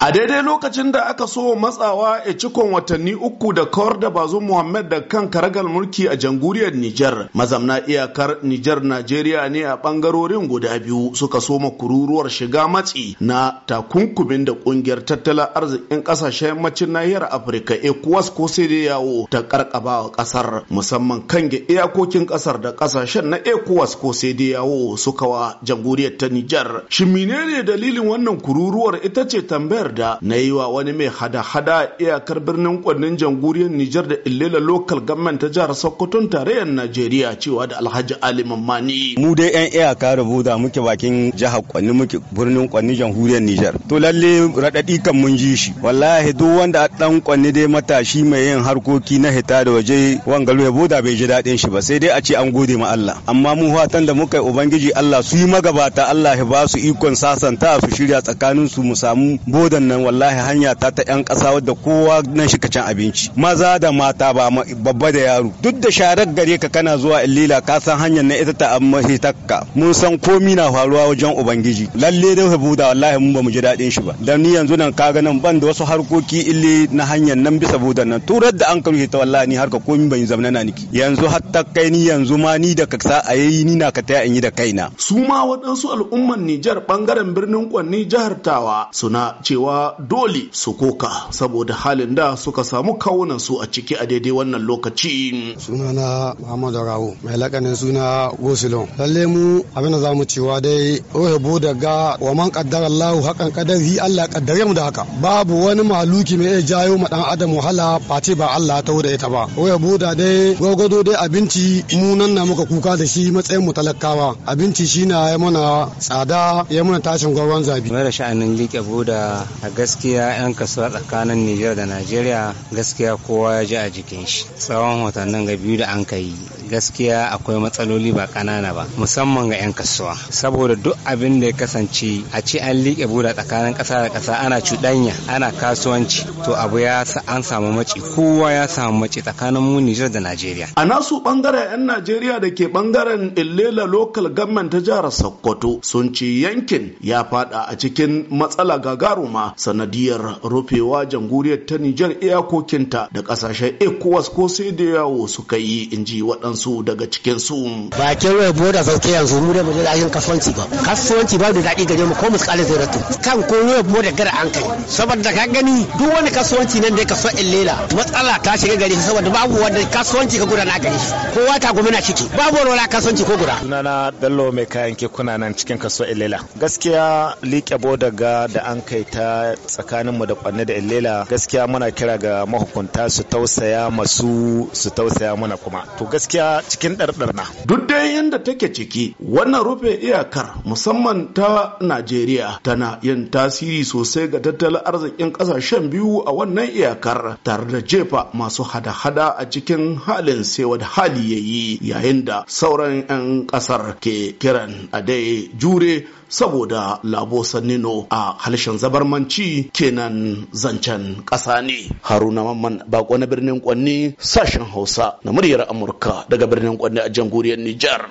A daidai lokacin da aka so matsawa a cikon watanni uku da kawar da bazu Muhammad da kan karagar mulki a jamhuriyar Nijar, mazamna iyakar Nijar Najeriya ne a bangarorin guda biyu suka soma kururuwar shiga matsi na takunkumin da kungiyar tattalin arzikin kasashen macin nahiyar Afirka ECOWAS ko sai da yawo ta karkaba wa kasar musamman kan iyakokin kasar da kasashen na ECOWAS ko sai da yawo suka wa jamhuriyar ta Nijar. Shin menene dalilin wannan kururuwar ita ce tambayar da na yi wa wani mai hada-hada iyakar birnin kwannin jamhuriyar Nijar da illila Local Government ta jihar Sokoton tarayyar Najeriya cewa da Alhaji Ali Mammani. Mu dai 'yan iyaka da muke bakin jihar muke birnin Kwanni jamhuriyar Nijar. To lalle raɗaɗi kan mun ji shi. Wallahi duk wanda dan Kwanni dai matashi mai yin harkoki na hita da waje wangalo ya da bai ji daɗin shi ba sai dai a ce an gode ma Allah. Amma mu fatan da muka yi Ubangiji Allah su yi magabata Allah ya ba su ikon sasanta su shirya tsakanin su mu samu boda ƙasan nan wallahi hanya ta ta 'yan kasa wadda kowa nan shi ka abinci maza da mata ba babba da yaro duk da sharar gare ka kana zuwa illila ka san hanyar na ita ta amma takka mun san komi na faruwa wajen ubangiji lalle da da wallahi mun ba mu ji daɗin shi ba dan ni yanzu nan kaga nan ban da wasu harkoki ille na hanyar nan bisa budan nan turar da an karshe ta wallahi ni harka komi ban zamna na niki yanzu hatta kai ni yanzu ma ni da kaksa a yayi ni na ka taya in yi da kaina su ma waɗansu al'umman Nijar bangaren birnin Kwanni jihar Tawa suna cewa cewa dole su koka saboda halin da suka samu kawunan su a ciki a daidai wannan lokaci sunana muhammadu Rawu, mai lakanin suna gosilon lalle mu abin da zamu cewa dai ohebo daga wa man kaddara allahu hakan hi allah kaddare mu da haka babu wani maluki mai iya jayo ma dan adam wahala face ba allah ta wuda ita ba ohebo da dai gwagwado dai abinci mu nan na muka kuka da shi matsayin mu talakawa abinci shi na ya mana tsada ya mana tashin gwagwan zabi mai da sha'anin liƙe boda a gaskiya 'yan kasuwa tsakanin nijar da najeriya gaskiya kowa ya ji a jikin shi tsawon watannin ga biyu da an ka yi gaskiya akwai matsaloli ba ƙanana ba musamman ga 'yan kasuwa saboda duk abin da ya kasance a ce an liƙe buda tsakanin ƙasa da ƙasa ana cuɗanya ana kasuwanci to abu ya an samu maci kowa ya samu maci tsakanin mu nijar da najeriya a nasu bangaren 'yan najeriya da ke bangaren illela lokal government ta jihar sokoto sun ci yankin ya fada a cikin matsala gagaruma sanadiyar rufewa jamhuriyar ta Nijar iyakokinta da kasashen ECOWAS ko sai da yawo suka yi in ji waɗansu daga cikin su. Ba kewaye boda sauke yanzu mu da mu da kasuwanci ba. Kasuwanci ba da daɗi gare mu ko mu tsale zai ratu. Kan ko waye boda gara an kai. Saboda ka gani duk wani kasuwanci nan da ya kaso lela matsala ta shiga gare shi saboda babu wanda kasuwanci ka gudana gare shi. Kowa ta gwamna ciki. Babu wani kasuwanci ko guda. Sunana Bello mai kayan kuna nan cikin kaso lela. Gaskiya liƙe boda ga da an kai ta tsakaninmu da kwanne da illela gaskiya muna kira ga mahukunta su tausaya masu su tausaya mana kuma to gaskiya cikin ɗarɗarna. duk dai yadda take ciki wannan rufe iyakar musamman ta najeriya tana yin tasiri sosai ga tattalin arzikin ƙasashen biyu a wannan iyakar tare da jefa masu hada-hada a cikin halin sewa da hali yayi yayin da sauran 'yan ƙasar ke kiran a dai jure saboda labo a harshen zabarmanci kenan zancen ƙasa ne haruna mamman bako na birnin kwanni sashen hausa na muryar amurka daga birnin kwanni a jamhuriyar nijar